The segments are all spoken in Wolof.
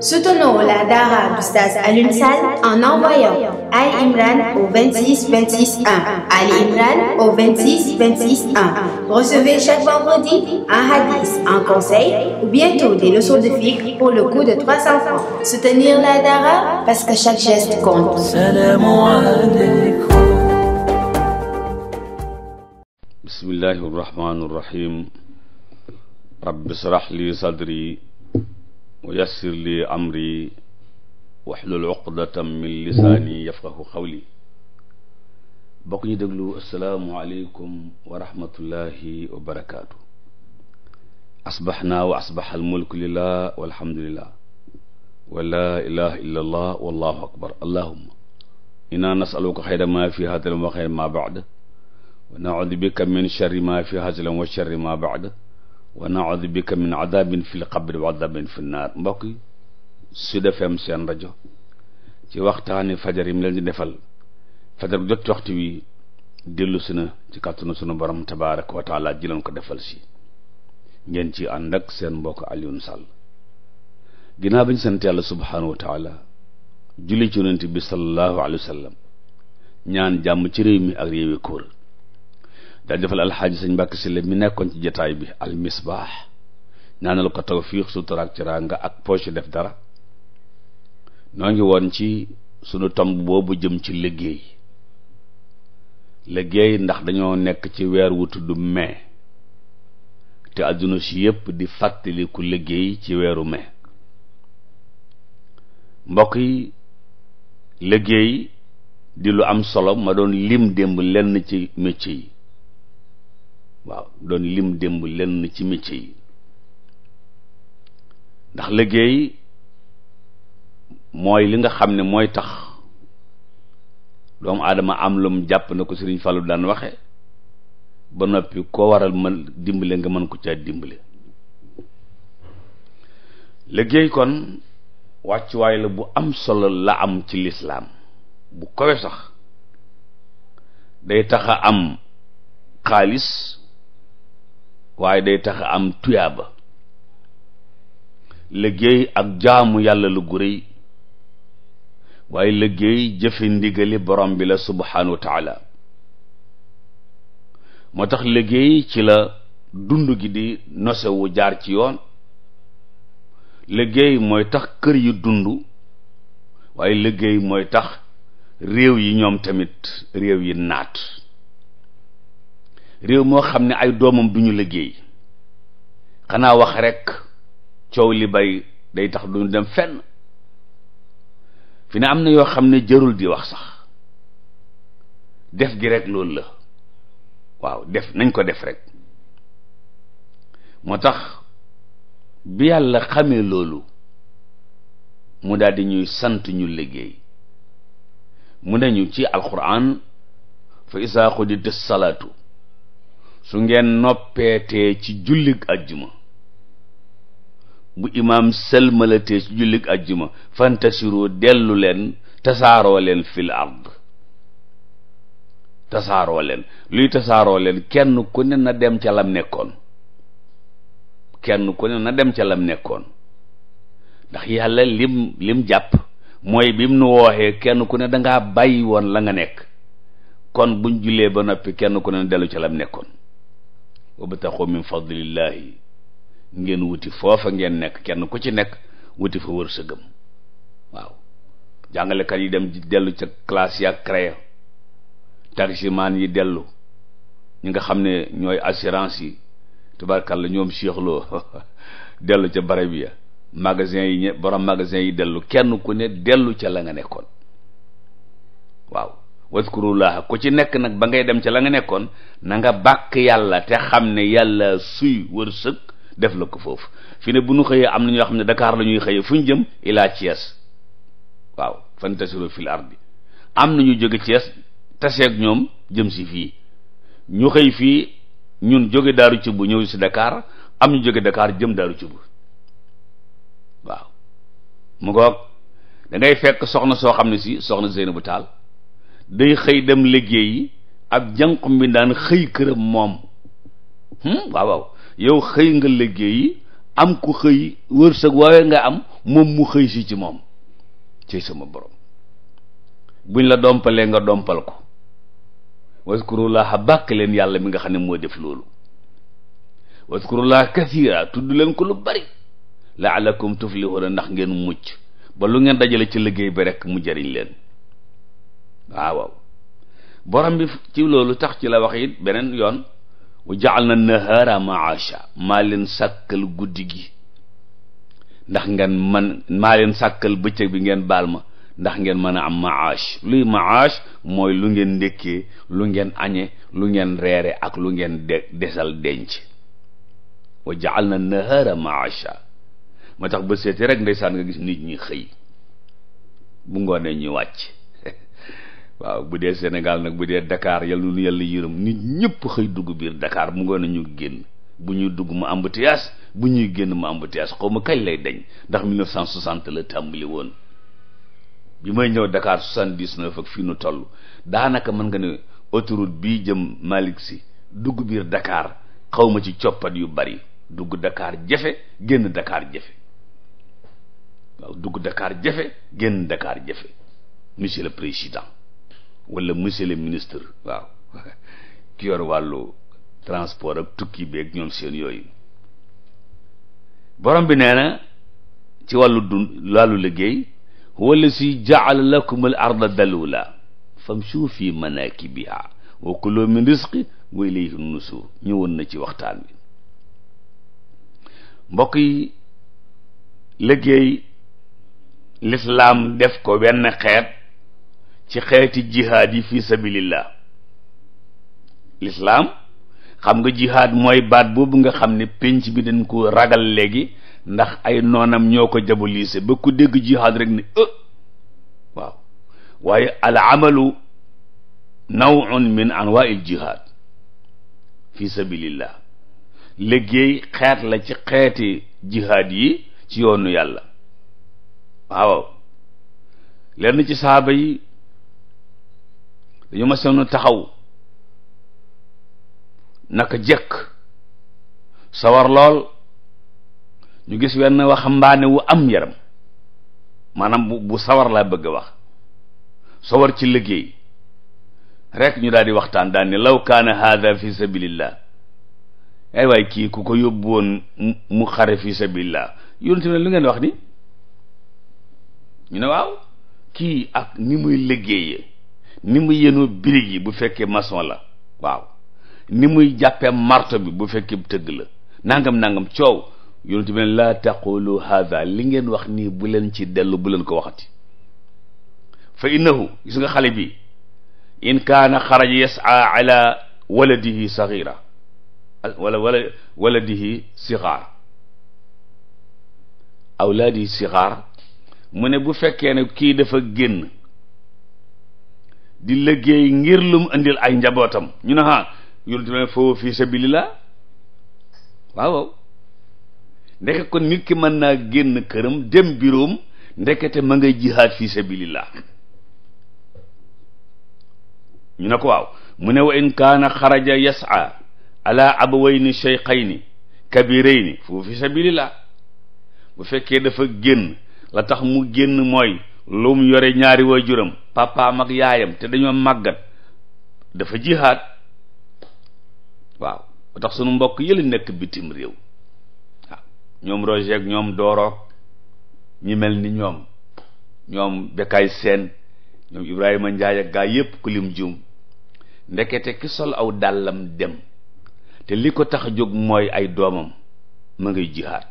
Soutenons la Dara d'Oustaz Alioune en envoyant Ali Imran au Ali Imran au Recevez chaque vendredi un hadith, un conseil ou bientôt des leçons de fiqh pour le coût de 300 francs. Soutenir la Dara parce que chaque geste compte. wa yassir li amri waxlul uqdatam min lisaani yafqahu xawli bokk ñu déglu asalaamualeykum wa rahmatullahi wa barakaatu asbaxnaa wa asbaxa almulku lillah walhamdulillah wa laa ilaha illa allah wallahu akbar allahumma inna nasaluka xayra ma fi hadalam wa xayra ma bacd wa naudu bika min sharri ma fi hadalam wa sharri ma bacd wa naudu bika min adabin fi lqabri wa adabin fi naar mbokk yi Sud seen rajo ci waxtaani fajar yi mu di defal fajar bu jot ci waxtu wi dellu si na ci kàttanu sunu borom tabaaraka wa taala ji leen ko defal si ngeen ci ànd ak seen mbokk Alioune Sall ginnaaw bi ñu sant yàlla subhaanahu wa taala julli ci yonent bi sallallahu alayhi wa ñaan jàmm ci réew mi ak réewi kóor daal defal alxaaji sëñ Mbàkke Sylla mi nekkoon ci jataay bi al misbaax ñaanal ko tawfiix sutura ak ak poche def dara noo ngi woon ci sunu tomb boobu jëm ci liggéey liggéey ndax dañoo nekk ci weer wu tudd mai te adduna si yépp di fàttaliku liggéey ci weeru mai mbokk yi liggéey di lu am solo ma doon lim démb lenn ci métier yi waaw doon lim démb lenn ci métier yi ndax liggéey mooy li nga xam ne mooy tax doomu aadama am lum jàpp na ko Sëriñ Fallu daan waxe ba noppi ko waral man dimbale nga mën ko caa dimbale liggéey kon wàccuwaay la bu am solo la am ci lislaam bu kowe sax day taxa am xaalis waaye day tax am tuyaaba liggéey ak jaamu yàlla lu gu waaye liggéey jëfe ndigali borom bi la subhaanahu wa taala moo tax liggéey ci la dund gi di nosewu jaar ci yoon liggéey mooy tax kër yu dund waaye liggéey mooy tax réew yi ñoom tamit réew yi naat réew moo xam ne ay doomam duñu liggéey xanaa wax rekk coow li bay day tax duñu dem fenn fi ne am na yoo xam ne jërul di wax sax def gi rek loolu la waaw def nañ ko def rekk moo tax bi yàlla xamee loolu mu daldi di ñuy sant ñu liggéey mu ne nañu ci alquran fa di xudita salaatu su ngeen noppeetee ci jullig ajjuma bu imaam sëlmalatee ci jullig ajjuma fantasiru dellu leen tasaaroo leen fil ard tasaaroo leen luy tasaaroo leen kenn ku ne na dem ca lam nekkoon kenn ku ne na dem ca lam nekkoon ndax yàlla lim lim jàpp mooy bi mu nu wooxee kenn ku ne dangaa bàyyi woon la nga nekk kon buñ jullee ba noppi kenn ku ne na dellu ca lam nekkoon wabtaxu min fadlillahi ngeen wuti foofa ngeen nekk kenn ku ci nekk wuti fa wërsëgam waaw jàngalekat yi dem dellu ca classe ya créé taximaan yi dellu ñi nga xam ne ñooy assurance yi tubaarkàlla ñoom séexloo dellu ca bare bi ya magasin yi ñe borom magasin yi dellu kenn ku ne dellu ca la nga nekkoon waaw waskurullaha ku ci nekk nag ba ngay dem ca la nga nekkoon na nga bàkk yàlla te xam ne yàlla suy wërsëg def la ko foofu fi ne bu nu xëyee am na ñoo xam ne dakaar la ñuy xëyee fu ñu jëm ilaa Thiès waaw fantasiru fil ardi am na ñu jóge Thiès taseeg ñoom jëm si fii ñu xëy fii ñun jóge daaru ci bu ñëw si dakaar am ñu jóge Dakar jëm daaru ci bu waaw mu ngoog da fekk soxna soo xam ne si soxna bu Taal day xëy dem liggéeyi ab jànq bi daan xëy këram moom hmm? waaw waaw yow xëy nga liggéeyi am ku xëy wërsëg waawee nga am moom mu xëy si ci moom ci sama borom buñ la dompalee nga dompal ko waskurullaha bàkk leen yàlla mi nga xam ne moo def loolu waskurullaha kathira tudd leen ko lu bari laalakum tuflihuna ndax ngeen mucc ba lu ngeen dajale ci liggéey bi rek mu jariñ leen Ah, waaw borom bi ci loolu tax ci la wax it beneen yoon wa jaal na nahaara maasha maa leen sàkkal guddi gi ndax ngeen man maa leen sàkkal bëccëg bi ngeen baal ma ndax ngeen mën a am maash luy maash mooy lu ngeen ndékkee lu ngeen añe lu ngeen reere ak lu ngeen de desal denc wa jaal na nahaara maasha ma tax ba seeti rek ndeysaan nga gis nit ñi xëy bu ngoonee ñuy wàcc waaw bu dee Sénégal nag bu dee dakaar yal na nu yàlla yërëm nit ñëpp xëy dugg biir Dakar mu ngoon ñu génn bu ñuy dugg mu embouteillage bu ñuy génn mu embouteillage xaw ma kañ lay dañ ndax 1960 la tàmbali woon bi may ñëw Dakar 79 ak fii nu toll daanaka mën nga ne autoroute bii jëm Malick si dugg biir dakaar xaw ma ci coppat yu bari dugg Dakar jafe génn Dakar jafe waaw dugg Dakar jafe génn Dakar jafe monsieur le président. wala monsieur le ministre waaw ki wàllu transport ak tukki beeg ñoom seen yooyu borom bi neena ci wàllu dund wàllu liggéey wala si jaala lakum al arda dalula famshu fi manakibiha wa kulu min risqi wa ilayhi nusur ñëwoon na ci waxtaan bi mbokk yi liggéey lislaam def ko wenn xeet ci xeeti jihaad yi fi sabilillah lislaam xam nga jihaad mooy baat boobu nga xam ni pénc bi dañ ko ragal léegi ndax ay noonam ñoo ko jabolise ba ku dégg jihaad rek ne ë waaw waaye al amalu nawun min anwail jihaad fi sabilillah liggéey xeet la ci xeeti jihaad yi ci yoonu yàlla waaw lenn ci saaba yi dañu ma seen taxaw naka jëkk sawar lool ñu gis wenn waxambaane wu am yaram maanaam bu sawar laa bëgg a wax sawar ci liggéey rek ñu daal di waxtaan daal ni law kaana haada fi sabilillah ay waay kii ku ko yóbbu woon mu xare fi sabilillah yonente ne lu ngeen wax ni ñu ne waaw kii ak ni muy liggéeyee ni mu yenu birig yi bu fekkee mason la waaw ni muy jàppee marto bi bu fekkee tëgg la nangam nangam coow yonent bi la laa taqulu haada li ngeen wax nii bu leen ci dellu bu leen ko waxati fa innahu gis nga xale bi in kaana xaraja yasa ala waladihi saxira wala wala waladihi sixaar awlaadihi sixaar mu ne bu fekkee ne kii dafa génn di liggéey ngir lum indil ay njabootam ñu ne ha yonent bi foofu fii sabilillah waaw ndeke kon nit ki mën naa génn këram dem biroom ndekete ma nga jihaad fii sabilillah ñu ne ko waaw mu ne wa in kaana xaraja yas'a ala abawayni sheykhayni kabirayni foofu fi bu fekkee dafa génn la tax mu génn mooy lu yore ñaari waajuram papaam ak yaayam te dañoo màggat dafa jihaad waaw ba tax sunu mbokk yële nekk bitim réew waaw ñoom Roger ak ñoom dooroog ñi mel ni ñoom ñoom Bekay Seen ñoom Ibrahima njaay ak gaa yépp ku lim jum ndekete sol aw dàllam dem te li ko tax jóg mooy ay doomam ma ngay jihaad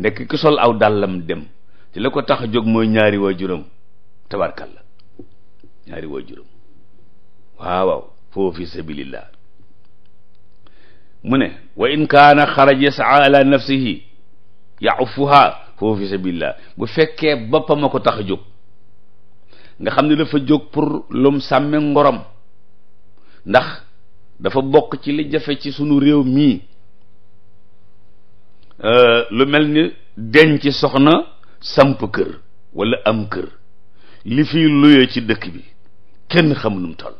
ndekk ki sol aw dàllam dem te li ko tax jóg mooy ñaari waajuram tabarkalla ñaari waajuram waaw waaw foofu sabilillah mu ne wa in kaana xaraj yasaa ala nafsihi yafuha foofu sabilillah bu fekkee boppam a ko tax a jóg nga xam ni dafa jóg pour lum sàmme ngorom ndax dafa bokk ci li jafe ci sunu réew mii euh, lu mel ni denc soxna samp kër walla am kër li fiy luyee ci dëkk bi genn xamul nu mu toll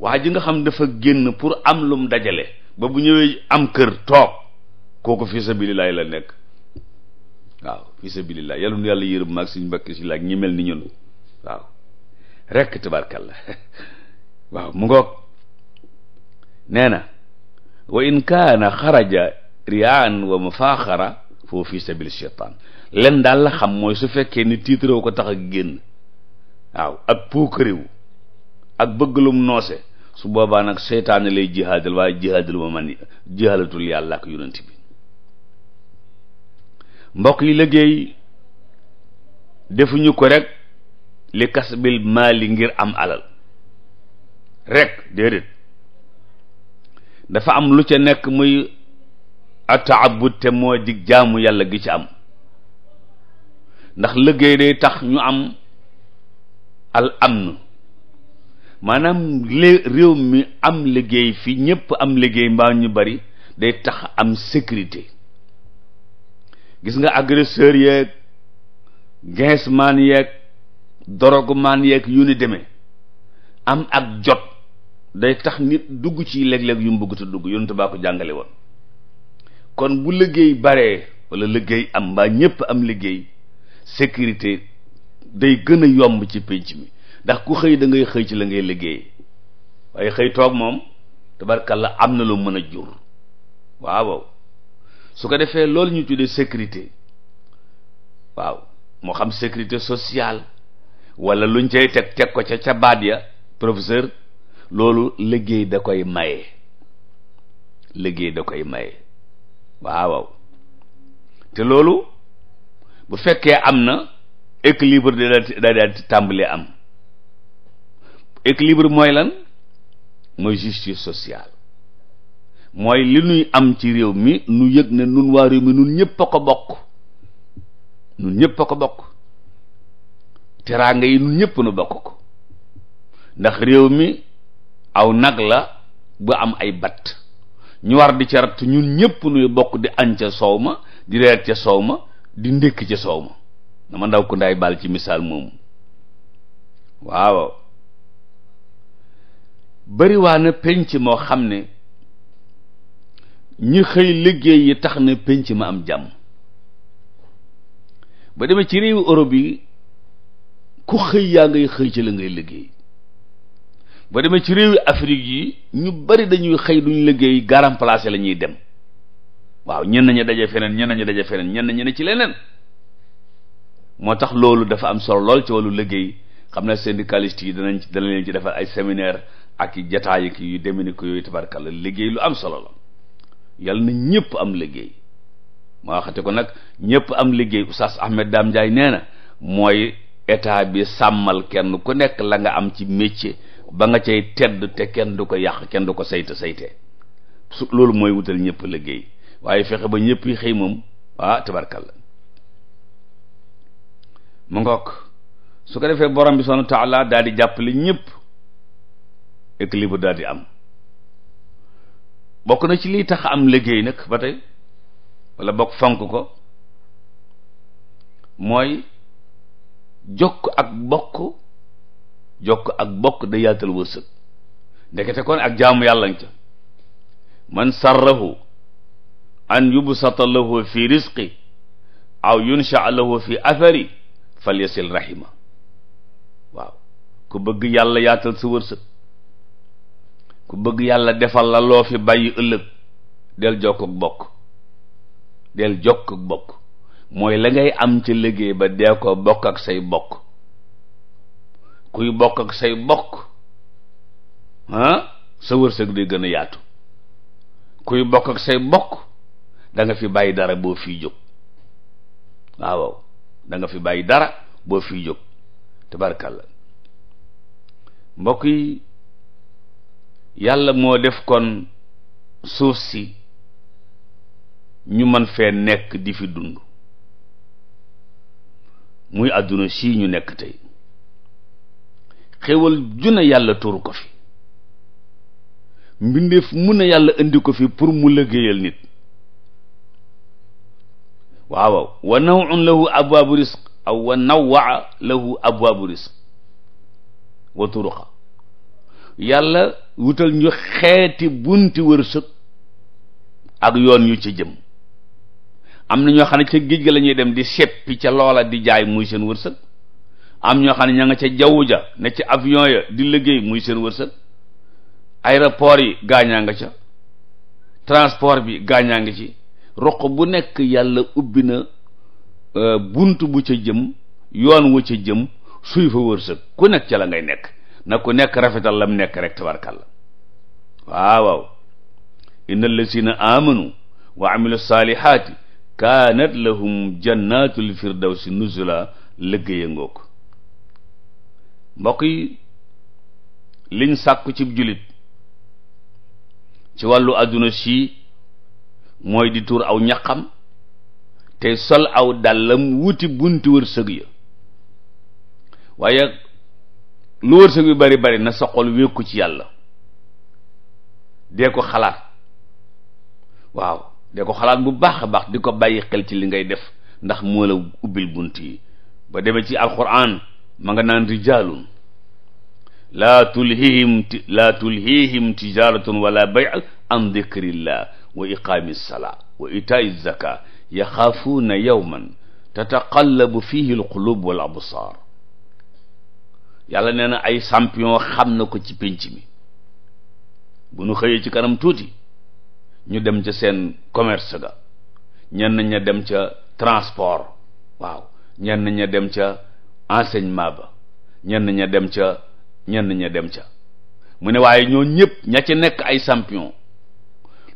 waa ji nga xam dafa génn pour am lu mu dajale ba bu ñëwee am kër toog kooku fi sabilillahi la nekk waaw fi sabilillahi yàlla nu yàlla yërëm maag suñu mbokk si laag ñi mel ni ñun waaw rekk tabarkalla waaw mu ngoog nee na wa in kaana xaraja riyaan wa mufaaxara foofu fi sabil shaytaan len daal la xam mooy su fekkee ni tiitaroo ko tax ak génn waaw ak puukariw ak bëgg lum noose su boobaa nag seytaane lay jihaadal waaye jihaadalu ma man jihaadatul yàlla ak yonent bi mbokk yi liggéey defuñu ko rek li kasbil maali ngir am alal rek déedéet dafa am lu ca nekk muy ataabud te moo dig jaamu yàlla gi ci am ndax liggéey day tax ñu am al amn maanaam lé réew mi am liggéey fi ñëpp am liggéey mbaa ñu bari day tax am sécurité gis nga agresseur yeeg ginsman yeeg dorogumaan yeeg yu ni demee am ak jot day tax nit dugg ci léeg-léeg yu mu dugg yonent baa ko jàngale woon kon bu liggéey baree walla liggéey am mbaa ñëpp am liggéey sécurité day gën a yomb ci pénc mi ndax ku xëy dangay xëy ci la ngay liggéey waaye xëy toog moom tabarkalla am na lu mën a jur waaw su ko defee loolu ñu tuddee sécurité waaw moo xam sécurité sociale wala luñ cay teg teg ko ca ca baat ya professeur loolu liggéey da koy maye liggéey da koy maye waaw te loolu bu fekkee am na équilibre da daal di tàmbalee am équilibre mooy lan mooy justice sociale mooy li nuy am ci réew mi nu yëg ne nun waa réew mi nun ñëpp a ko bokk nun ñëpp a ko bokk teraanga yi nun ñëpp nu bokk ko ndax réew mi aw nag la bu am ay batt ñu war di ca ratt ñun ñëpp nuy bokk di añ ca soow ma di reer ca soow ma di ndékk ca soow ma dama ndaw ku ndaay baal ci misaal moomu waaw bariwaa na penc moo xam ne ñi xëy liggéey yi tax na penc ma am jàmm ba demee ci réewu Europe yi ku xëy yaa ngay xëy ci la ngay liggéey ba demee ci réewi Afrique yi ñu bari dañuy xëy duñ liggéey garam place la ñuy dem waaw ñenn ñi daje feneen ñenn ñi daje feneen ñenn ñi ne ci leneen moo tax loolu dafa am solo lool ci wàllu liggéey xam na syndicaliste yi danañ ci danañ leen ci defal ay séminaire ak i jataay ak yu demee ni ko yooyu tabarkàlla liggéey lu am solo la yàlla na ñëpp am liggéey ma waxate ko nag ñëpp am liggéey oustaz Ahmed Dame Ndiaye nee na mooy état bi sàmmal kenn ku nekk la nga am ci métier ba nga cay tedd te kenn du ko yàq kenn du ko sayte sayte su loolu mooy wutal ñëpp liggéey waaye fexe ba ñëpp yi xëy moom ah tabarkàlla mu ngoog su ko defee borom bi subhaanahu wa taala daal di jàppale ñëpp équilibre daal di am bokk na ci liy tax am liggéey nag ba tey wala bokk fonk ko mooy jokk ak bokk jokk ak bokk da yaatal wërsëg ndekete kon ak jaamu yàlla nga ca man sarrahu an yubsata lahu fi risqi aw yunsha lahu fi athari fal yasil rahima waaw ku bëgg yàlla yaatal sa wërsëg ku bëgg yàlla defal laloo fi bàyyi ëllëg del jokk ak bokk del jokk ak bokk mooy la ngay am ci liggéey ba dee ko bokk ak say bokk kuy bokk ak say bokk ah, sa wërsëg day gën a yaatu kuy bokk ak say bokk da fi bàyyi dara boo fii jóg da fi bàyyi dara boo fiy jóg tabarkàlla mbokk yi yàlla moo def kon suuf si ñu mën fee nekk di fi dund muy àdduna sii ñu nekk tey ju na yàlla tuur ko fi mbindeef mun a yàlla indi ko fi pour mu liggéeyal nit waaw wa nawun waa abwaabu risq aw wa nawwaa lahu abwaabu risq wa turuqa yàlla wutal ñu xeeti bunti wërsëg ak yoon yu ci jëm am na ñoo xam ne ca géej gi lañuy dem di seppi ca loola di jaay muy seen wërsëg am ñoo xam ne ña ca jaww ja ne ca avion ya di liggéey muy seen wërsëg aéroport yi gaañaa nga ca transport bi gaañaa ngi ci roq bu nekk yàlla ubbi na euh, bunt bu ca jëm yoon wu ca jëm suy fa wërsëg ku nekk ca la ngay nekk na ku nekk rafetal lam nekk rek tabarkàlla waaw waaw inna allazina amanu wa amilu saalihaati kaanat lahum jannatul firdawsi nuzula liggéeya ngoog mbokk yi liñ sàkku cib julit ci wàllu àdduna sii mooy di tuur aw ñaxam te sol aw dàllam wuti bunti wërsëg ya waaye lu wërsëg bi bari bari na sa xol wékku ci yàlla dee ko xalaat waaw dee ko xalaat bu baax a baax di ko bàyyi xel ci li ngay def ndax moo la ubbil bunt yi ba deme ci alquran ma nga naan rijaalun laa tulhihim laa tulhihim tijaratun wala bay an dikrillah wa iqaami salaa wa itaai zaka yaxaafuuna yowman tataqallabu fihi alqulub wal absaar yàlla nee na ay champion xam na ko ci pénc mi bu nu xëyee ci kanam tuuti ñu dem ca seen commerce ga ñenn ña dem ca transport waaw ñenn ña dem ca enseignement ba ñenn ña dem ca ñenn dem ca mu ne waaye ñoo ñëpp ña ci nekk ay champion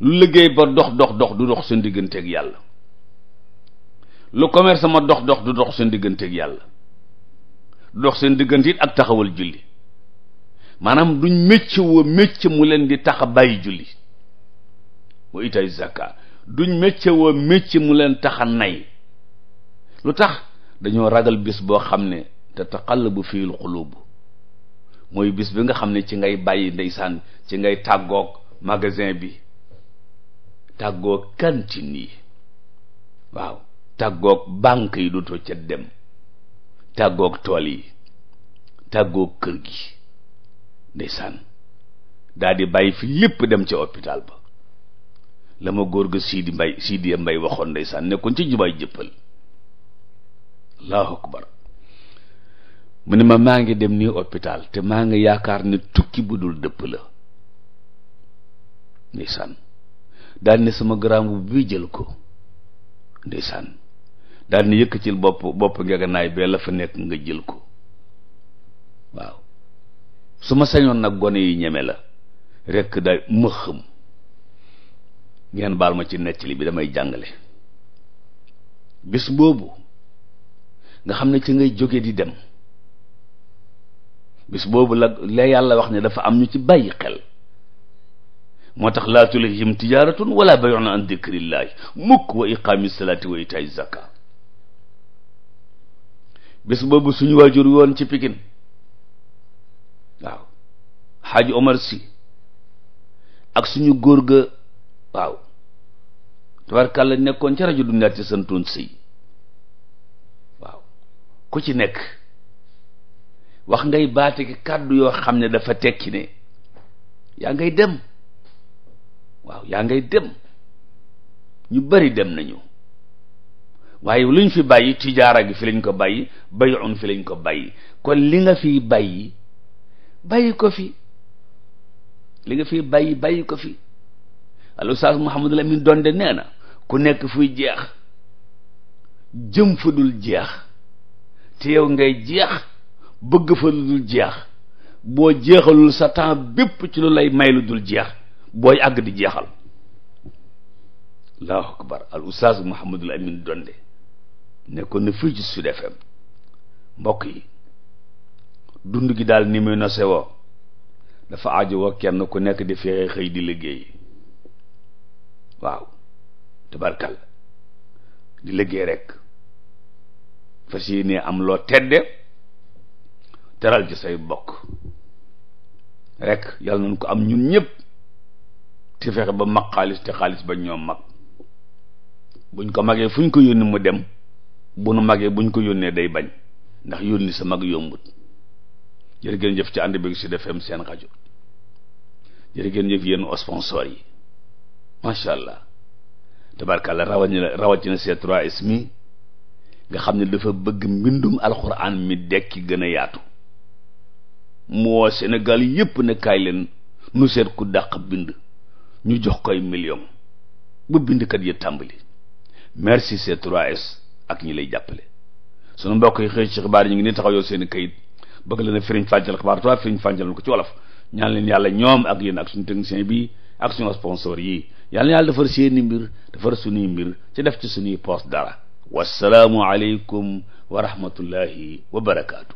lu liggéey ba dox dox dox du dox seen digganteeg yàlla lu commerce ma dox dox du dox seen digganteeg yàlla du dox seen diggante it ak taxawal julli maanaam duñ mécc woo mécc mu leen di tax a bàyyi julli wa itay zakka duñ mécc woo mécc mu leen tax nay lu tax dañoo ragal bis boo xam ne te taqallabu fiil xuluub mooy bis bi nga xam ne ci ngay bàyyi ndeysaan ci ngay tàggook magasin bi tàggoog cantine yi waaw tàggoog banque yi du too ca dem tàggook tool yi tàggook kër gi ndeysaan daal di bàyyi fi lépp dem ca hôpital ba la ma góor ga Sidi Mbay Sidi Mbay waxoon ndeysaan nekkoon ci jumaay jëppal allahu akbar mu ne ma maa ngi dem nii hôpital te maa ngi yaakaar ne tukki bu dul dëpp la ndeysaan daal ni sama garaamu bi jël ko ndeysaan daal ni yëkkatil bopp bopp ngeganaay bee la fa nekk nga jël ko waaw su ma sañoon nag gone yi ñeme la rekk da ma ngeen baal ma ci nettali bi damay jàngale bis boobu nga xam ne ci ngay jóge di dem bis boobu la la yàlla wax ne dafa am ñu ci bàyyi xel moo tax laa tulhihim tijaratun wala bay'un an dikrillahi mukk wa iqaami salaati wa itaay zaka bés boobu suñu waajur woon ci Pikine waaw xaaji Omar si ak suñu góor ga waaw tabarkàlla nekkoon ca rajo dundaat ci santoon sëy waaw ku ci nekk wax ngay baate kàddu yoo xam ne dafa tekki ne yaa ngay dem waaw yaa ngay dem ñu bari dem nañu waaye lu ñu fi bàyyi tijaara gi fi lañ ko bàyyi bayun fi lañ ko bàyyi kon li nga fi bàyyi bàyyi ko fi li nga fi bàyyi bàyyi ko fi al ustaas Muhammadu Lamin Donde nee na ku nekk fuy jeex jëm fu dul jeex te yow ngay jeex bëgg fa lu dul jeex boo jeexalul sa temps bépp ci lu lay may lu dul jeex booy àgg di jeexal allahu akbar al oustaz Mouhamadul Amin Donde nekkoon na fii ci Sud FM mbokk yi dund gi daal ni muy na sewoo dafa aajowoo kenn ku nekk di fexe xëy di liggéey waaw tabarkal di liggéey rek fas yéene am loo tedde teral ci say mbokk rekk yàlla nañ ko am ñun ñëpp te fexe ba mag xaalis te xaalis ba ñoom mag buñ ko magee fuñ ko yónni mu dem bu nu magee buñ ko yónnee day bañ ndax yónni sa mag yombut jër ngeen jëf ci ànd si Sud FM seen rajo jërë ngeen jëf yéen sponsor yi macha allah tabarkàlla rawatina rawatina C3S mi nga xam ne dafa bëgg mbindum alxuraan mi dekki gën a yaatu mu moo senegal yépp ne kaay leen nu seet ku dàq bind ñu jox koy million bu bindkat ya tàmbali merci C3S ak ñi lay jàppale sunu mbokk yi xëy ci xibaar yi ñu ngi ni taxaw yow seen i kayit bëgg la na firiñ fàncal xibaar tubaab firiñ fàncal ko ci wolof ñaan leen yàlla ñoom ak yéen ak suñu technicien bi ak suñu sponsor yi yàlla yàlla defar seeni mbir defar suñuy mbir ci def ci suñuy poste dara wassalaamu aleykum wa rahmatullahi wa barakaatu